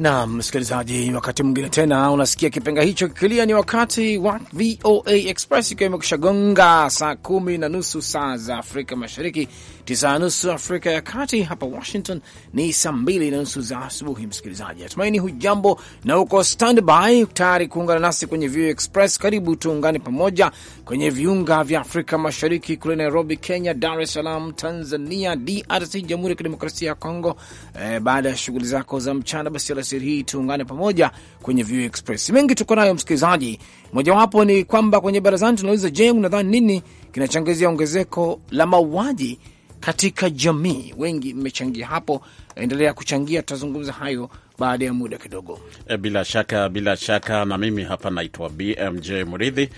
Naam, msikilizaji, wakati mwingine tena unasikia kipenga hicho kikilia. Ni wakati wa VOA Express ikiwa imekusha gonga saa kumi na nusu saa za Afrika Mashariki, tisa na nusu Afrika ya Kati. Hapa Washington ni saa mbili na nusu za asubuhi. Msikilizaji, natumaini hujambo na uko standby tayari kuungana nasi kwenye VOA Express. Karibu tuungane pamoja kwenye viunga vya Afrika Mashariki kule Nairobi, Kenya, Dar es Salaam, Tanzania, DRC, Jamhuri ya Kidemokrasia ya Kongo. Eh, baada ya shughuli zako za mchana basi alasiri hii, tuungane pamoja kwenye View Express. Mengi tuko nayo msikilizaji, mojawapo ni kwamba kwenye barazani tunauliza, je, unadhani nini kinachangizia ongezeko la mauaji katika jamii? Wengi mmechangia hapo, endelea kuchangia, tutazungumza hayo baada ya muda kidogo. Eh, bila shaka, bila shaka. Na mimi hapa naitwa BMJ Mridhi. E,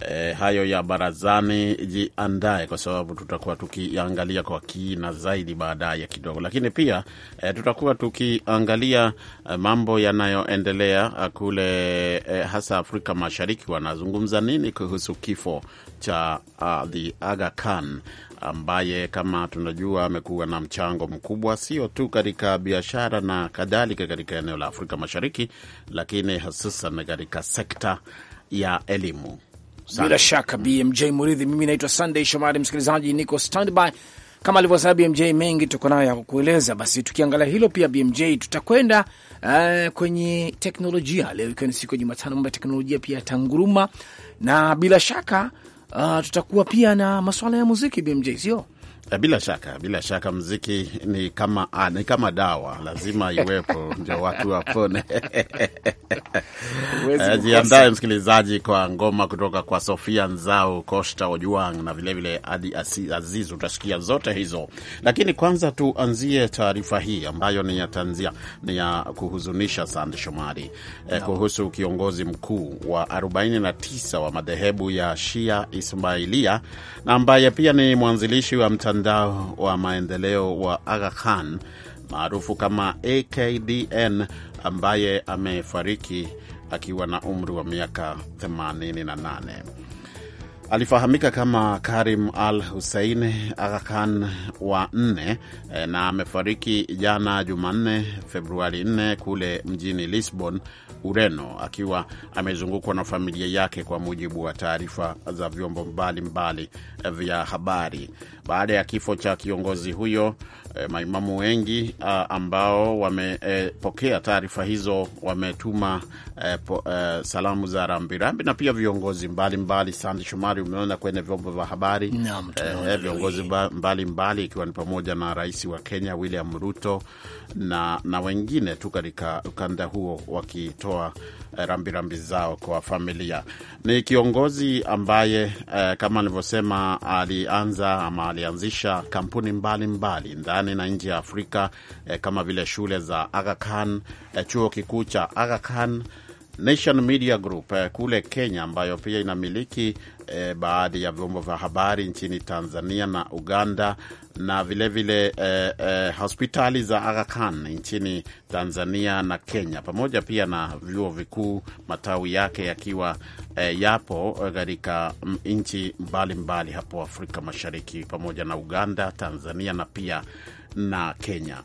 eh, hayo ya barazani, jiandae kwa sababu tutakuwa tukiangalia kwa kina zaidi baadaye kidogo, lakini pia e, tutakuwa tukiangalia mambo yanayoendelea kule e, hasa Afrika Mashariki. Wanazungumza nini kuhusu kifo cha uh, the Aga Khan ambaye kama tunajua amekuwa na mchango mkubwa sio tu katika biashara na kadhalika katika eneo la Afrika Mashariki, lakini hususan katika sekta ya elimu. Bila shaka BMJ Muridhi, mimi naitwa Sunday Shomari. Msikilizaji, niko standby kama alivyosema BMJ, mengi tuko nayo ya kukueleza. Basi tukiangalia hilo pia BMJ, tutakwenda uh, kwenye teknolojia leo, ikiwa ni siku ya Jumatano, mambo ya teknolojia pia yatanguruma, na bila shaka uh, tutakuwa pia na masuala ya muziki BMJ, sio? Eh, bila shaka, bila shaka mziki ni kama ah, ni kama dawa, lazima iwepo ndio watu wapone. Eh, jiandae msikilizaji kwa ngoma kutoka kwa Sofia Nzau, Costa Ojuang na vilevile Adi Aziz. Utasikia zote hizo, lakini kwanza tuanzie taarifa hii ambayo ni ya tanzia, ni ya kuhuzunisha sand Shomari eh, kuhusu kiongozi mkuu wa 49 wa madhehebu ya Shia Ismailia na ambaye pia ni mwanzilishi wa mtandao mtandao wa maendeleo wa Aga Khan maarufu kama AKDN ambaye amefariki akiwa na umri wa miaka 88. Alifahamika kama Karim Al Hussein Aga Khan wa nne eh, na amefariki jana Jumanne, Februari 4 kule mjini Lisbon, Ureno, akiwa amezungukwa na familia yake, kwa mujibu wa taarifa za vyombo mbalimbali eh, vya habari. Baada ya kifo cha kiongozi huyo, eh, maimamu wengi ah, ambao wamepokea taarifa hizo wametuma salamu za rambirambi na pia viongozi mbalimbali. Sandi Shomari habari, umeona kwenye vyombo vya habari eh, viongozi eh, mbalimbali ikiwa ni pamoja na rais wa Kenya William Ruto na, na wengine tu katika ukanda huo wakitoa eh, rambirambi rambi zao kwa familia. Ni kiongozi ambaye eh, kama alivyosema alianza ama alianzisha kampuni mbalimbali ndani na nje ya Afrika eh, kama vile shule za Aga Khan, eh, chuo kikuu cha Aga Khan Nation Media Group eh, kule Kenya, ambayo pia inamiliki eh, baadhi ya vyombo vya habari nchini Tanzania na Uganda na vilevile vile, eh, eh, hospitali za Aga Khan nchini Tanzania na Kenya, pamoja pia na vyuo vikuu matawi yake yakiwa eh, yapo eh, katika mm, nchi mbalimbali hapo Afrika Mashariki pamoja na Uganda, Tanzania na pia na Kenya.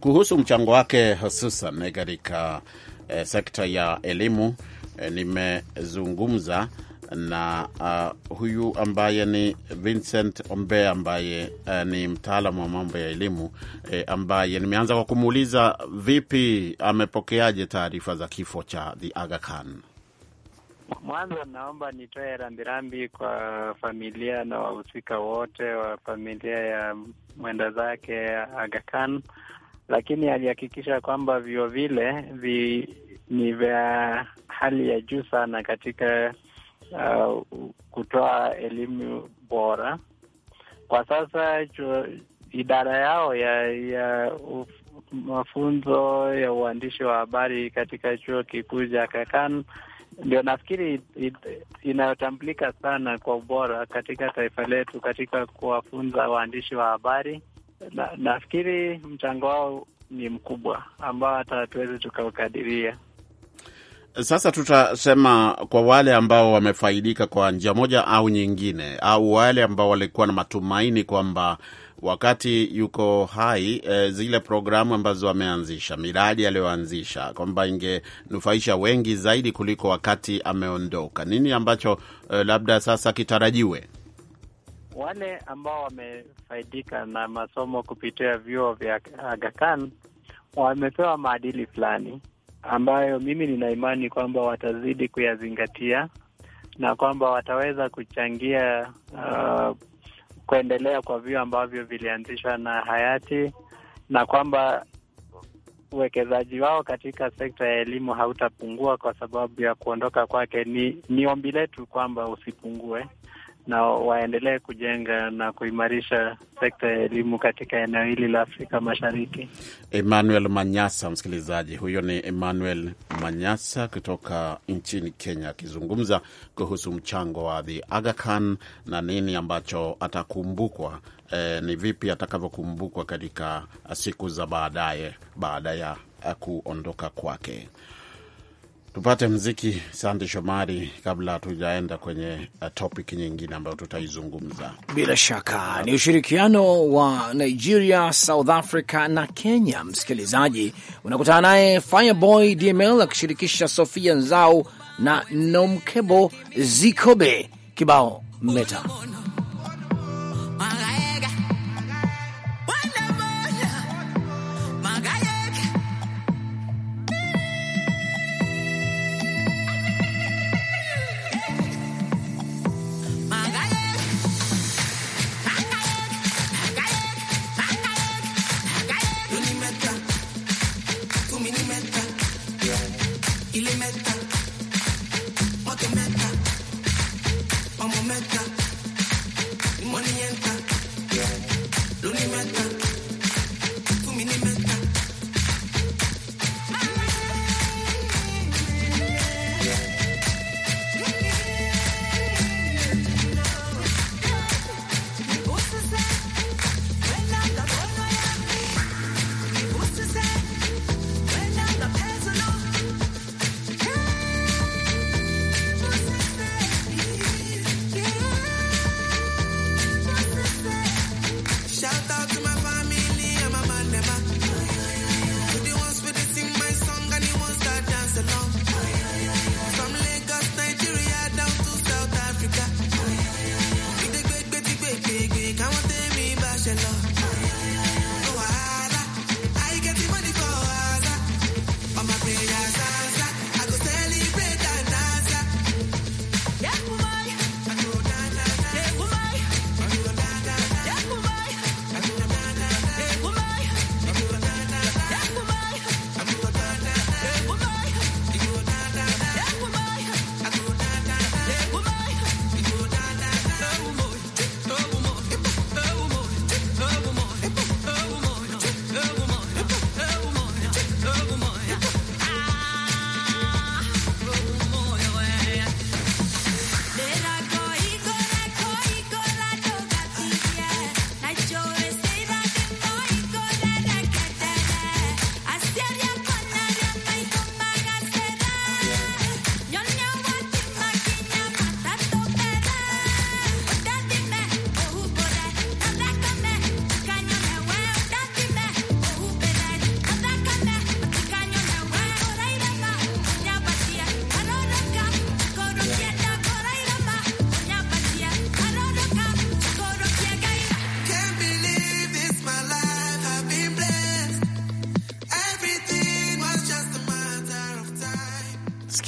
Kuhusu mchango wake hususan eh, katika eh, sekta ya elimu eh, nimezungumza na uh, huyu ambaye ni Vincent Ombe ambaye uh, ni mtaalamu wa mambo ya elimu eh, ambaye nimeanza kwa kumuuliza vipi, amepokeaje taarifa za kifo cha the Aga Khan. Mwanzo naomba nitoe rambirambi kwa familia na wahusika wote wa familia ya mwenda zake Aga Khan lakini alihakikisha kwamba vyuo vile vi, ni vya hali ya juu sana katika uh, kutoa elimu bora. Kwa sasa chuo, idara yao ya, ya uf, mafunzo ya uandishi wa habari katika chuo kikuu cha Kakan ndio nafikiri inayotambulika sana kwa ubora katika taifa letu katika kuwafunza waandishi wa habari na, nafikiri mchango wao ni mkubwa ambao hata hatuwezi tukaukadiria. Sasa tutasema kwa wale ambao wamefaidika kwa njia moja au nyingine, au wale ambao walikuwa na matumaini kwamba wakati yuko hai e, zile programu ambazo ameanzisha, miradi aliyoanzisha kwamba ingenufaisha wengi zaidi kuliko wakati ameondoka. Nini ambacho e, labda sasa kitarajiwe? wale ambao wamefaidika na masomo kupitia vyuo vya Aga Khan wamepewa maadili fulani ambayo mimi nina imani kwamba watazidi kuyazingatia na kwamba wataweza kuchangia uh, kuendelea kwa vyuo ambavyo vilianzishwa na hayati na kwamba uwekezaji wao katika sekta ya elimu hautapungua kwa sababu ya kuondoka kwake. Ni, ni ombi letu kwamba usipungue na waendelee kujenga na kuimarisha sekta ya elimu katika eneo hili la Afrika Mashariki. Emmanuel Manyasa, msikilizaji huyo ni Emmanuel Manyasa kutoka nchini Kenya akizungumza kuhusu mchango wa the Aga Khan na nini ambacho atakumbukwa eh, ni vipi atakavyokumbukwa katika siku za baadaye baada ya kuondoka kwake. Tupate mziki Sande Shomari kabla hatujaenda kwenye uh, topic nyingine ambayo tutaizungumza. Bila shaka ni ushirikiano wa Nigeria, South Africa na Kenya. Msikilizaji unakutana naye Fireboy DML akishirikisha Sofia Nzau na Nomkebo Zikobe kibao mleta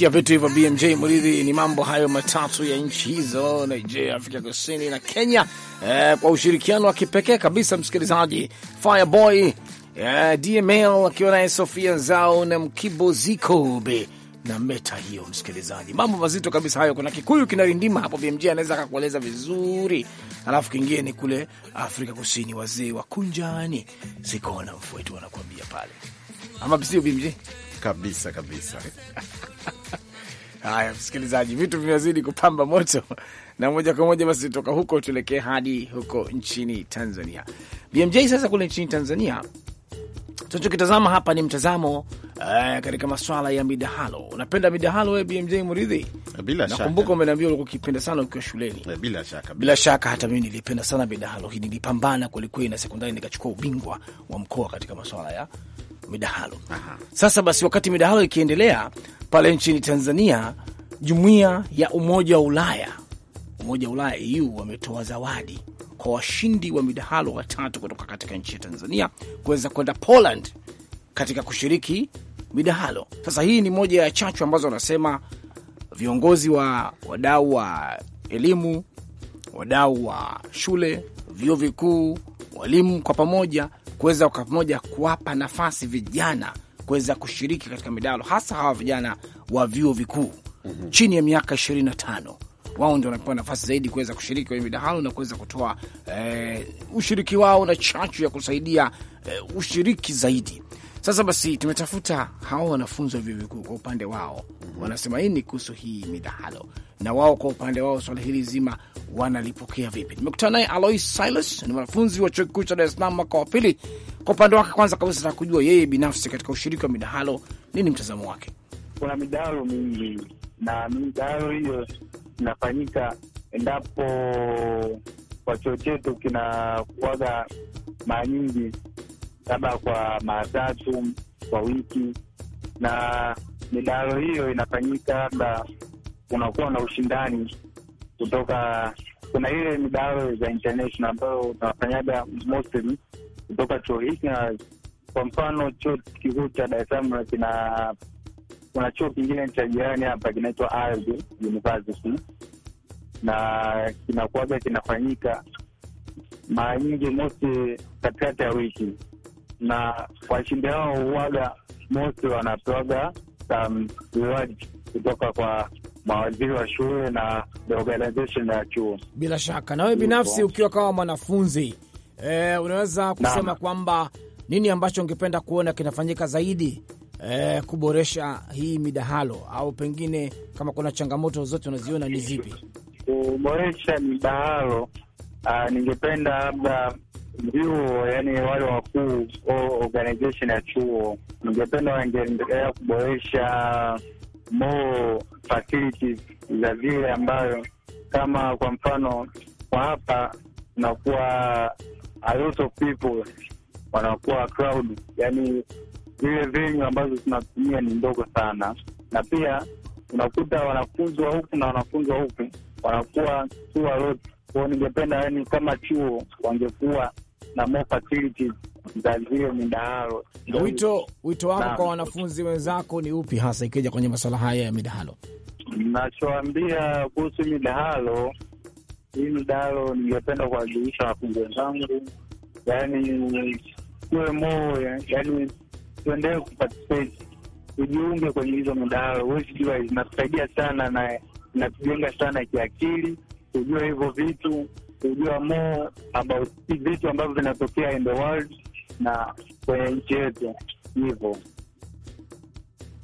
Umesikia vitu hivyo BMJ Muridhi, ni mambo hayo matatu ya nchi hizo, Nigeria, Afrika Kusini na Kenya, eh, kwa ushirikiano wa kipekee kabisa. Msikilizaji, Fireboy eh, DML akiwa naye Sofia Zao na Mkibo Zikobe na meta hiyo, msikilizaji, mambo mazito kabisa hayo. Kuna Kikuyu kinarindima hapo, BMJ anaweza akakueleza vizuri. Alafu kingine ni kule Afrika Kusini, wazee wa kunjani sikona mfwetu wanakuambia pale, ama sio BMJ? kabisa kabisa. Haya, msikilizaji, vitu vimezidi kupamba moto, na moja kwa moja basi toka huko tuelekee hadi huko nchini Tanzania. BMJ, sasa kule nchini Tanzania tunachokitazama hapa ni mtazamo uh, katika maswala ya midahalo. Unapenda midahalo we BMJ Muridhi? Bila shaka nakumbuka umeniambia ulikuwa ukipenda sana ukiwa shuleni. Eh, bila shaka, bila shaka hata mimi nilipenda sana midahalo hii, nilipambana kwelikweli na sekondari nikachukua ubingwa wa mkoa katika maswala ya midahalo. Aha. Sasa basi, wakati midahalo ikiendelea pale nchini Tanzania, jumuiya ya Umoja wa Ulaya, Umoja wa Ulaya EU wametoa zawadi kwa washindi wa midahalo watatu kutoka katika nchi ya Tanzania kuweza kwenda Poland katika kushiriki midahalo. Sasa hii ni moja ya chachu ambazo wanasema viongozi wa wadau wa elimu, wadau wa shule, vyuo vikuu, walimu kwa pamoja kuweza kwa pamoja kuwapa nafasi vijana kuweza kushiriki katika midahalo, hasa hawa vijana wa vyuo vikuu mm -hmm. chini ya miaka ishirini na tano wao ndio wanapewa nafasi zaidi kuweza kushiriki kwenye midahalo na kuweza kutoa eh, ushiriki wao na chachu ya kusaidia eh, ushiriki zaidi. Sasa basi, tumetafuta hao wanafunzi wa vyuo vikuu kwa upande wao mhm. wanasema nini kuhusu hii midahalo, na wao kwa upande wao swala hili zima wanalipokea vipi? Nimekutana naye Alois Silas, ni mwanafunzi wa chuo kikuu cha Dar es Salaam mwaka wa pili. Kwa upande wake, kwanza kabisa nataka kujua yeye binafsi katika ushiriki wa midahalo, nini mtazamo wake? Kuna midahalo mingi na midahalo hiyo inafanyika endapo kwa chuo chetu kinakuwaga mara nyingi labda kwa mara tatu kwa wiki, na midahalo hiyo inafanyika, labda unakuwa na ushindani kutoka, kuna ile midahalo za international ambayo tunafanyaga mostly kutoka chuo hiki na kwa mfano chuo kikuu cha Dar es Salaam kina kuna chuo kingine cha jirani hapa kinaitwa Ardhi University na kinakuwaga kinafanyika mara nyingi mosi katikati ya wiki na washindi hao huwaga mosi wanapewaga some kutoka kwa mawaziri wa shule na the organization ya chuo. Bila shaka na wewe binafsi ukiwa kama mwanafunzi e, unaweza kusema kwamba nini ambacho ungependa kuona kinafanyika zaidi e, kuboresha hii midahalo au pengine kama kuna changamoto zote unaziona ni zipi? Kuboresha midahalo, ah, ningependa labda vyuo, yani wale wakuu organization ya chuo, ningependa wangeendelea kuboresha more facilities za vile ambayo, kama kwa mfano kwa hapa unakuwa a lot of people wanakuwa crowd, yani zile venue ambazo zinatumia ni ndogo sana, na pia unakuta wanafunzi wa huku na wanafunzi wa huku wanakuwa too a lot kwao. Ningependa yani kama chuo wangekuwa na more facilities za zile midahalo. Wito wito wako kwa wanafunzi wenzako ni upi hasa, ikija kwenye masuala haya ya midahalo? Nachoambia kuhusu midahalo hii, midahalo ningependa kuwajulisha wanafunzi wenzangu, yani tuwe moo, yani tuendelee kuparticipate, tujiunge kwenye hizo midahalo. Huwezi jua, sana na inatujenga sana kiakili, kujua hivyo vitu kujua more about vitu ambavyo vinatokea in the world na kwenye nchi yetu hivyo.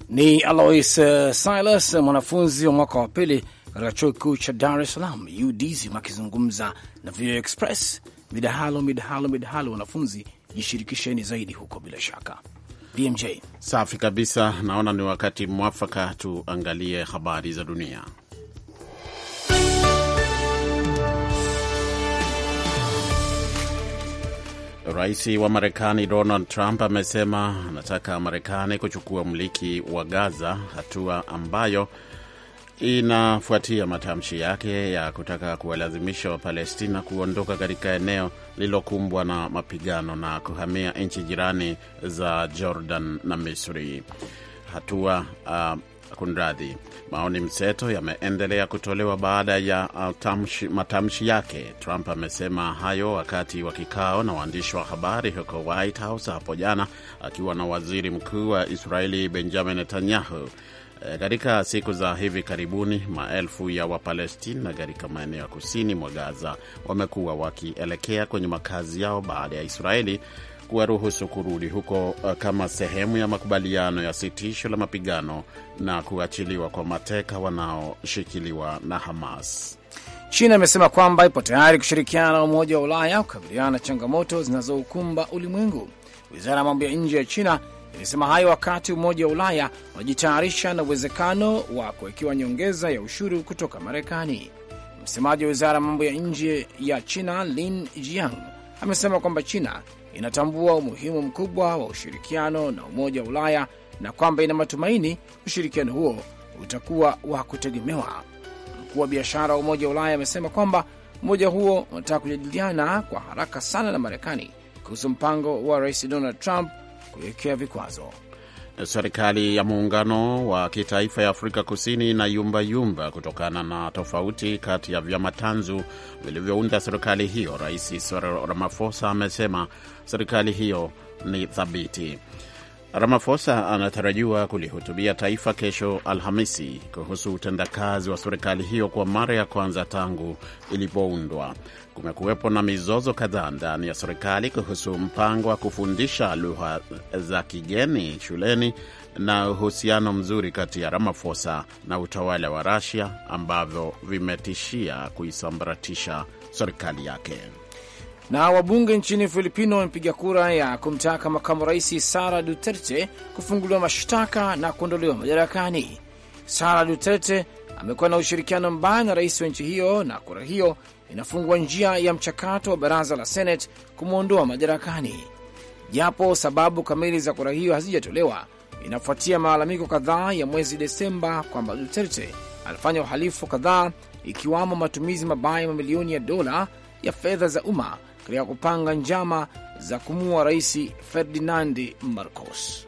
Ni Alois uh, Silas, mwanafunzi wa mwaka wa pili katika chuo kikuu cha Dar es Salaam UDSM, akizungumza na VOA Express. Midahalo, midahalo, midahalo, wanafunzi jishirikisheni zaidi huko, bila shaka. BMJ, safi kabisa. Naona ni wakati mwafaka tuangalie habari za dunia. Rais wa Marekani Donald Trump amesema anataka Marekani kuchukua mliki wa Gaza, hatua ambayo inafuatia matamshi yake ya kutaka kuwalazimisha Wapalestina kuondoka katika eneo lililokumbwa na mapigano na kuhamia nchi jirani za Jordan na Misri. Hatua uh, Kunradhi, maoni mseto yameendelea kutolewa baada ya uh, matamshi yake. Trump amesema hayo wakati wa kikao na waandishi wa habari huko White House hapo jana, akiwa na waziri mkuu wa Israeli Benjamin Netanyahu. Eh, katika siku za hivi karibuni maelfu ya Wapalestina katika maeneo ya kusini mwa Gaza wamekuwa wakielekea kwenye makazi yao baada ya Israeli kuwaruhusu kurudi huko uh, kama sehemu ya makubaliano ya sitisho la mapigano na kuachiliwa kwa mateka wanaoshikiliwa na Hamas. China imesema kwamba ipo tayari kushirikiana na Umoja wa Ulaya kukabiliana na changamoto zinazoukumba ulimwengu. Wizara ya mambo ya nje ya China ilisema hayo wakati Umoja wa Ulaya unajitayarisha na uwezekano wa kuwekewa nyongeza ya ushuru kutoka Marekani. Msemaji wa wizara ya mambo ya nje ya China Lin Jiang amesema kwamba China inatambua umuhimu mkubwa wa ushirikiano na Umoja wa Ulaya na kwamba ina matumaini ushirikiano huo utakuwa wa kutegemewa. Mkuu wa biashara wa Umoja wa Ulaya amesema kwamba umoja huo unataka kujadiliana kwa haraka sana na Marekani kuhusu mpango wa Rais Donald Trump kuwekea vikwazo. Serikali ya muungano wa kitaifa ya Afrika Kusini na yumba yumba kutokana na tofauti kati ya vyama tanzu vilivyounda serikali hiyo. Rais Cyril Ramaphosa amesema serikali hiyo ni thabiti. Ramaphosa anatarajiwa kulihutubia taifa kesho Alhamisi kuhusu utendakazi wa serikali hiyo kwa mara ya kwanza tangu ilipoundwa. Kumekuwepo na mizozo kadhaa ndani ya serikali kuhusu mpango wa kufundisha lugha za kigeni shuleni na uhusiano mzuri kati ya Ramaphosa na utawala wa Russia ambavyo vimetishia kuisambaratisha serikali yake. Na wabunge nchini Filipino wamepiga kura ya kumtaka makamu rais Sara Duterte kufunguliwa mashtaka na kuondolewa madarakani. Sara Duterte amekuwa na ushirikiano mbaya na rais wa nchi hiyo, na kura hiyo inafungua njia ya mchakato wa baraza la Senate kumwondoa madarakani, japo sababu kamili za kura hiyo hazijatolewa. Inafuatia malalamiko kadhaa ya mwezi Desemba kwamba Duterte alifanya uhalifu kadhaa, ikiwamo matumizi mabaya mamilioni ya dola ya fedha za umma katika kupanga njama za kumua rais Ferdinandi Marcos.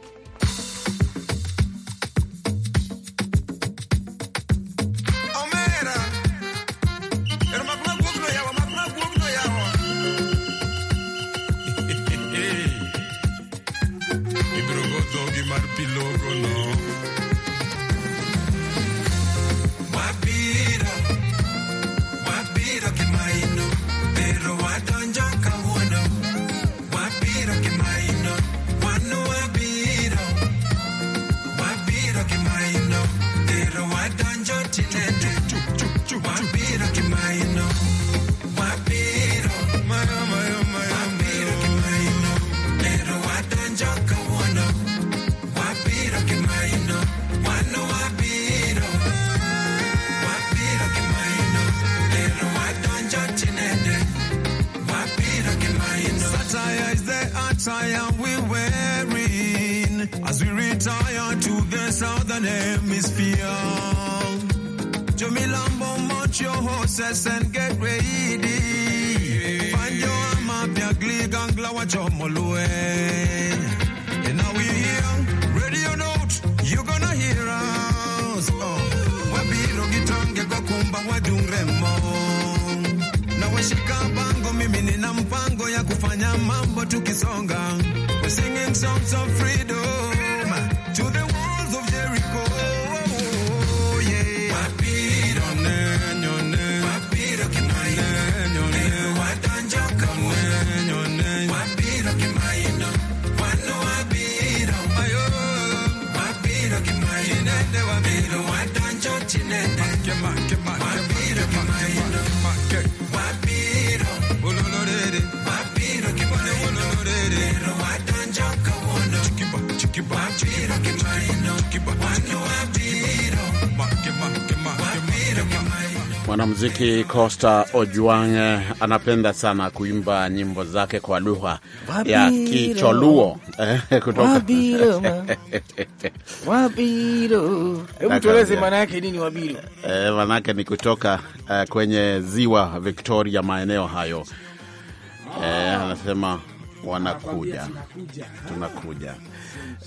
the southern hemisphere. me, Lambo, mount your horses and get ready. Find your arm up, your glee, and glower your molue. And now we here, radio note, you are gonna hear us. Oh, We're be gitonge kwa kumba we Na washika bango, mimi nina mpango ya kufanya mambo tukisonga. We're singing songs of freedom. Mwanamuziki Costa ojuang anapenda sana kuimba nyimbo zake kwa lugha ya Kicholuo eh, kutoka manake eh, ni kutoka eh, kwenye ziwa Victoria, maeneo hayo eh, anasema wanakuja tunakuja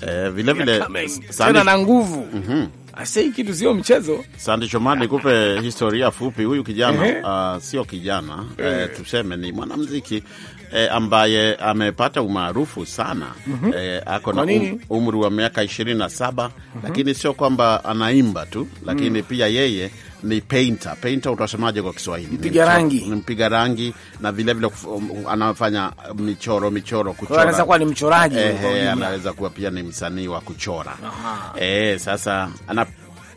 eh, vilevile sana na nguvu mm -hmm. Asei kitu sio mchezo. Sande Shomari, nikupe historia fupi. Huyu kijana uh, sio kijana uh, tuseme ni mwanamziki e, uh, ambaye amepata umaarufu sana mm -hmm. E, ako na um, umri wa miaka ishirini na saba mm -hmm. Lakini sio kwamba anaimba tu, lakini mm. pia yeye ni painter. Painter utasemaje kwa Kiswahili? Mpiga rangi, mpiga rangi, na vilevile vile um, um, anafanya uh, michoro, michoro kuchora, anaweza kuwa ni mchoraji, anaweza kuwa pia ni msanii wa kuchora. Eh, sasa ana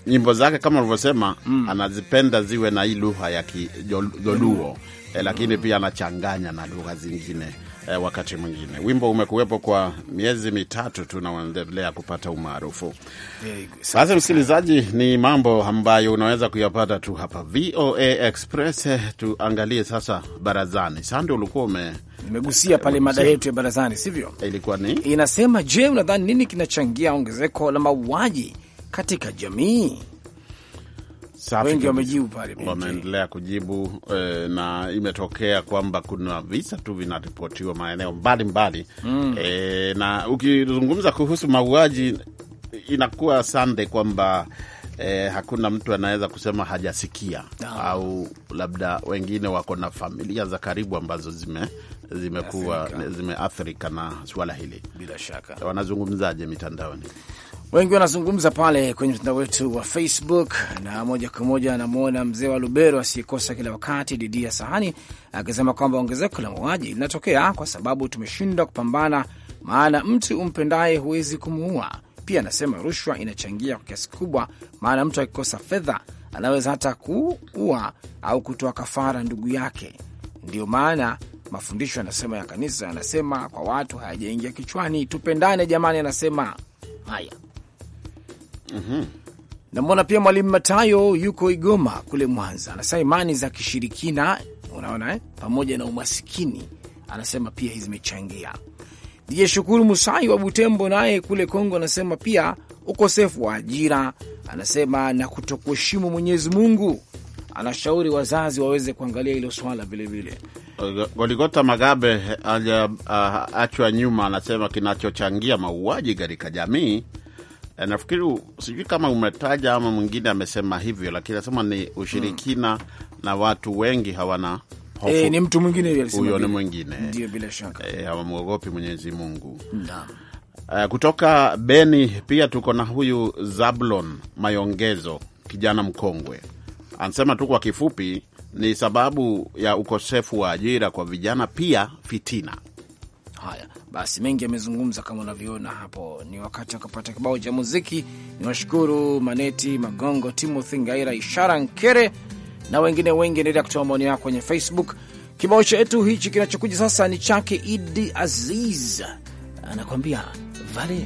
nyimbo zake kama ulivyosema, mm. anazipenda ziwe na hii lugha ya Kijoluo, mm. E, lakini mm. pia anachanganya na lugha zingine e, wakati mwingine. Wimbo umekuwepo kwa miezi mitatu tu na unaendelea kupata umaarufu. Sasa msikilizaji, ni mambo ambayo unaweza kuyapata tu hapa VOA Express. Eh, tuangalie sasa barazani. Sande, ulikuwa ume nimegusia pale mada yetu ya barazani, sivyo? Eh, ilikuwa ni inasema, je, unadhani nini kinachangia ongezeko la mauaji katika jamii? wengi wamejibu pale, wameendelea kujibu e, na imetokea kwamba kuna visa tu vinaripotiwa maeneo mbalimbali mm. E, na ukizungumza kuhusu mauaji inakuwa sande kwamba E, hakuna mtu anaweza kusema hajasikia no. Ah. Au labda wengine wako na familia za karibu ambazo zime zimekuwa zimeathirika na suala hili. Bila shaka wanazungumzaje mitandaoni? wengi wanazungumza pale kwenye mtandao wetu wa Facebook na moja kwa moja anamwona mzee wa Lubero asiyekosa kila wakati Didi ya Sahani akisema kwamba ongezeko la mauaji linatokea kwa sababu tumeshindwa kupambana, maana mtu umpendaye huwezi kumuua. Pia anasema rushwa inachangia kwa kiasi kikubwa, maana mtu akikosa fedha anaweza hata kuua au kutoa kafara ndugu yake. Ndio maana mafundisho anasema ya kanisa, anasema kwa watu hayajaingia kichwani. Tupendane jamani, anasema haya mm -hmm. Namwona pia Mwalimu Matayo yuko Igoma kule Mwanza, anasema imani za kishirikina, unaona eh, pamoja na umasikini, anasema pia zimechangia. Dije Shukuru Musai wa Butembo naye kule Kongo anasema pia ukosefu wa ajira, anasema na kutokuheshimu Mwenyezi Mungu. Anashauri wazazi waweze kuangalia hilo swala vilevile. Goligota Magabe hajaachwa eh, ah, uh, nyuma, anasema kinachochangia mauaji katika jamii Eh, nafikiri sijui kama umetaja ama mwingine amesema hivyo, lakini nasema ni ushirikina mm. na watu wengi hawana hofu. E, ni mtu mwingine huyo, ni mwingine ndio, bila shaka e, hawamwogopi Mwenyezi Mungu. Naam. Uh, kutoka Beni pia tuko na huyu Zablon Mayongezo, kijana mkongwe, anasema tu kwa kifupi ni sababu ya ukosefu wa ajira kwa vijana, pia fitina. Haya, basi mengi yamezungumza kama unavyoona hapo. Ni wakati wa kupata kibao cha muziki. Ni washukuru Maneti Magongo, Timothy Ngaira, Ishara Nkere na wengine wengi. Endelea kutoa maoni yako kwenye Facebook. Kibao chetu hichi kinachokuja sasa ni chake Idi Aziz, anakuambia vale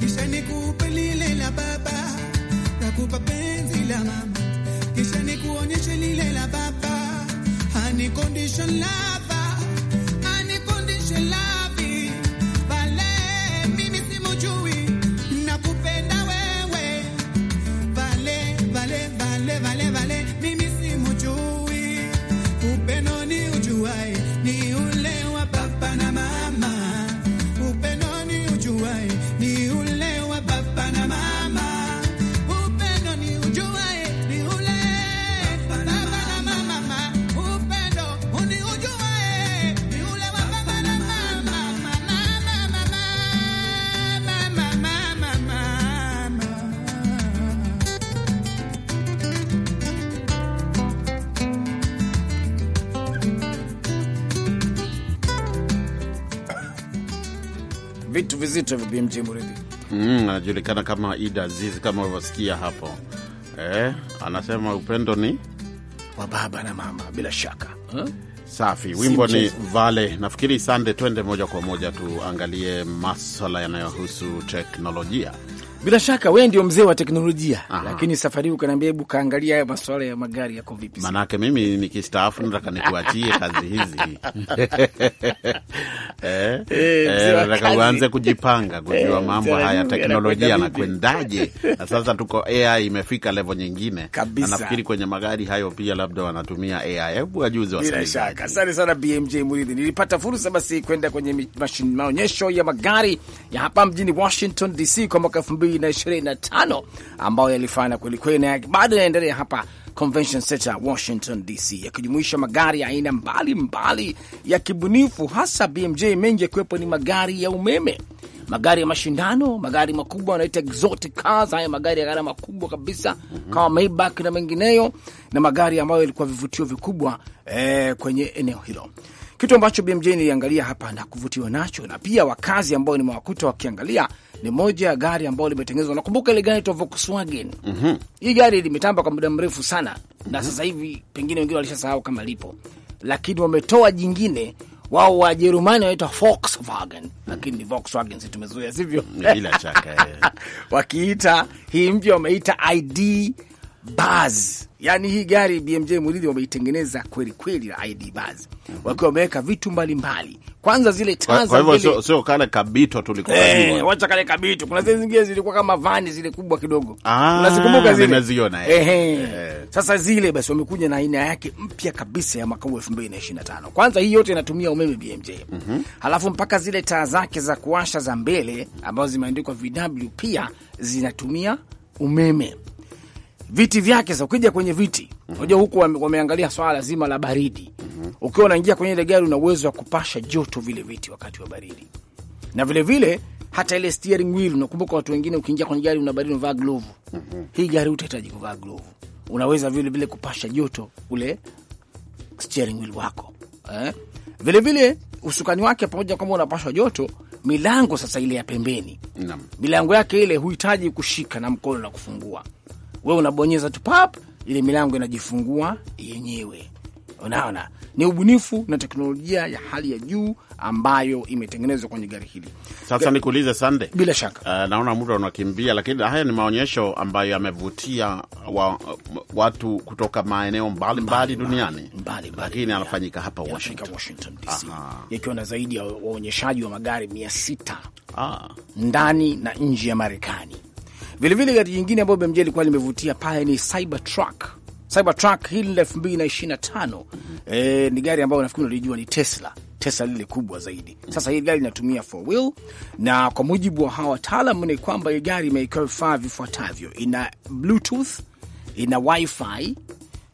kisha nikupe lile la baba, takupa penzi la mama, kisha nikuonyeshe lile la baba, unconditional love, unconditional love vitu vizito vya BMJ Mridhi. Mm, anajulikana kama Ida Aziz kama ulivyosikia hapo eh, anasema upendo ni wa baba na mama bila shaka huh? Safi, wimbo ni Vale. Nafikiri sande, twende moja kwa moja tuangalie maswala yanayohusu teknolojia. Bila shaka wewe ndio mzee wa teknolojia Aha. Lakini safari hii ukaniambia, hebu kaangalia haya masuala ya magari yako vipi? Maanake mimi nikistaafu nataka nikuachie kazi hizi eh, eh, eh, nataka uanze kujipanga kujua eh, mambo haya teknolojia na kwendaje, na sasa tuko AI imefika levo nyingine, nafikiri kwenye magari hayo pia labda wanatumia AI. Hebu wajuzi wasikilizaji. Bila shaka, asante sana BMJ Muridhi. Nilipata fursa basi kwenda kwenye maonyesho ya magari ya hapa mjini Washington DC kwa mwaka 2000 mbili ambayo yalifana kwelikweli na bado yanaendelea hapa Convention Center Washington DC, yakijumuisha magari ya aina mbalimbali ya kibunifu, hasa BMJ mengi yakiwepo ni magari ya umeme, magari ya mashindano, magari makubwa wanaita exotic cars, haya magari ya gharama kubwa kabisa mm -hmm. kama Maybach na mengineyo, na magari ambayo yalikuwa vivutio vikubwa eh, kwenye eneo hilo. Kitu ambacho BMJ niliangalia hapa na kuvutiwa nacho, na pia wakazi ambao nimewakuta wakiangalia, ni moja ya gari ambayo limetengenezwa. Nakumbuka ile gari itwa Volkswagen. mm -hmm. Hii gari limetamba kwa muda mrefu sana mm -hmm. na mhm. sasa hivi pengine wengine walishasahau kama lipo, lakini wametoa jingine wao Wajerumani wanaitwa Volkswagen, lakini ni Volkswagen, si tumezoea sivyo? Bila shaka eh. wakiita hii mpya wameita ID Buzz. Yani hii gari BMJ Muridhi wameitengeneza kweli kweli la ID Buzz. Wakiwa wameweka vitu mbalimbali mbali. Kwanza zile taa za hivyo sio sio kale kabito tulikuwa eh, wacha kale kabito. Kuna zile zingine zilikuwa kama vani zile kubwa kidogo. Ah, Unazikumbuka zile? Nimeziona eh. Eh. Sasa zile basi wamekuja na aina yake mpya kabisa ya mwaka 2025. Kwanza hii yote inatumia umeme BMJ. Mm -hmm. Halafu mpaka zile taa zake za kuwasha za mbele ambazo zimeandikwa VW pia zinatumia umeme. mm viti vyake. Sasa ukija kwenye viti, mhm. unajua huku wameangalia swala zima la baridi. Mhm. Ukiwa unaingia kwenye ile gari, una uwezo wa kupasha joto vile viti wakati wa baridi, na vile vile hata ile steering wheel. Unakumbuka watu wengine, ukiingia kwenye gari una baridi, unavaa glovu. Mhm. Hii gari utahitaji kuvaa glovu, unaweza vile vile kupasha joto ule steering wheel wako eh? Vile vile usukani wake pamoja kwamba unapashwa joto milango sasa ile ya pembeni, naam, milango yake ile huhitaji kushika na mkono na kufungua, wewe unabonyeza tu pap, ile milango inajifungua yenyewe. Unaona, ni ubunifu na teknolojia ya hali ya juu ambayo imetengenezwa kwenye gari hili. Sasa nikuulize Sande, bila shaka uh, naona muda unakimbia, lakini haya ni maonyesho ambayo yamevutia wa, watu kutoka maeneo mbalimbali duniani, lakini anafanyika hapa Washington, Washington DC, yakiwa na zaidi ya waonyeshaji wa magari mia sita ah. ndani na nje ya Marekani. Vilevile gari jingine ambayo BMJ ilikuwa limevutia pale ni Cybertruck. Cybertruck hili la 2025 mhm. E, eh, ni gari ambayo nafikiri unalijua ni Tesla Tesla lile kubwa zaidi. Mhm. Sasa hii gari linatumia four wheel, na kwa mujibu wa hawa wataalam ni kwamba hii gari imewekewa vifaa vifuatavyo: ina bluetooth, ina wifi,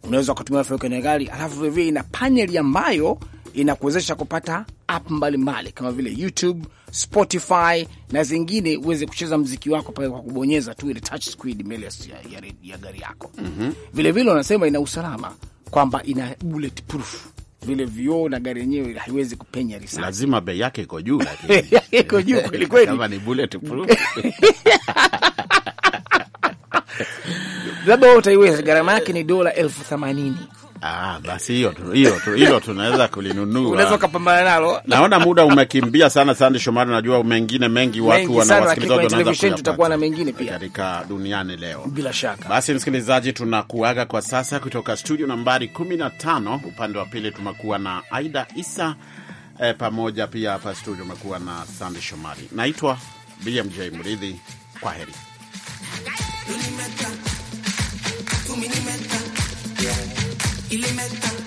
unaweza ukatumia wifi kwenye gari, alafu vilevile ina paneli ambayo inakuwezesha kupata app mbalimbali kama vile YouTube, Spotify na zingine, uweze kucheza mziki wako pale kwa kubonyeza tu ile touch screen mbele ya, ya, ya gari yako. Mm-hmm. Vilevile wanasema ina usalama kwamba ina bullet proof vile vioo na gari yenyewe haiwezi kupenya risasi. Lazima bei yake iko juu, lakini iko juu kweli kweli, kama ni bullet proof labda utaiweza. Gharama yake ni dola elfu themanini. Ah, basi hiyo tu, hiyo tu, hilo tunaweza kulinunua. Unaweza kupambana nalo. Naona muda umekimbia sana Sandy Shomari, najua mengine mengi watu wanawasikiliza wanaanza kuyapata. Tutakuwa na mengine pia katika duniani leo. Bila shaka. Basi msikilizaji, tunakuaga kwa sasa kutoka studio nambari 15. Upande wa pili tumekuwa na Aida Isa eh, pamoja pia hapa studio umekuwa na Sandy Shomari. Naitwa BMJ Mridhi. Kwa heri. y le inventan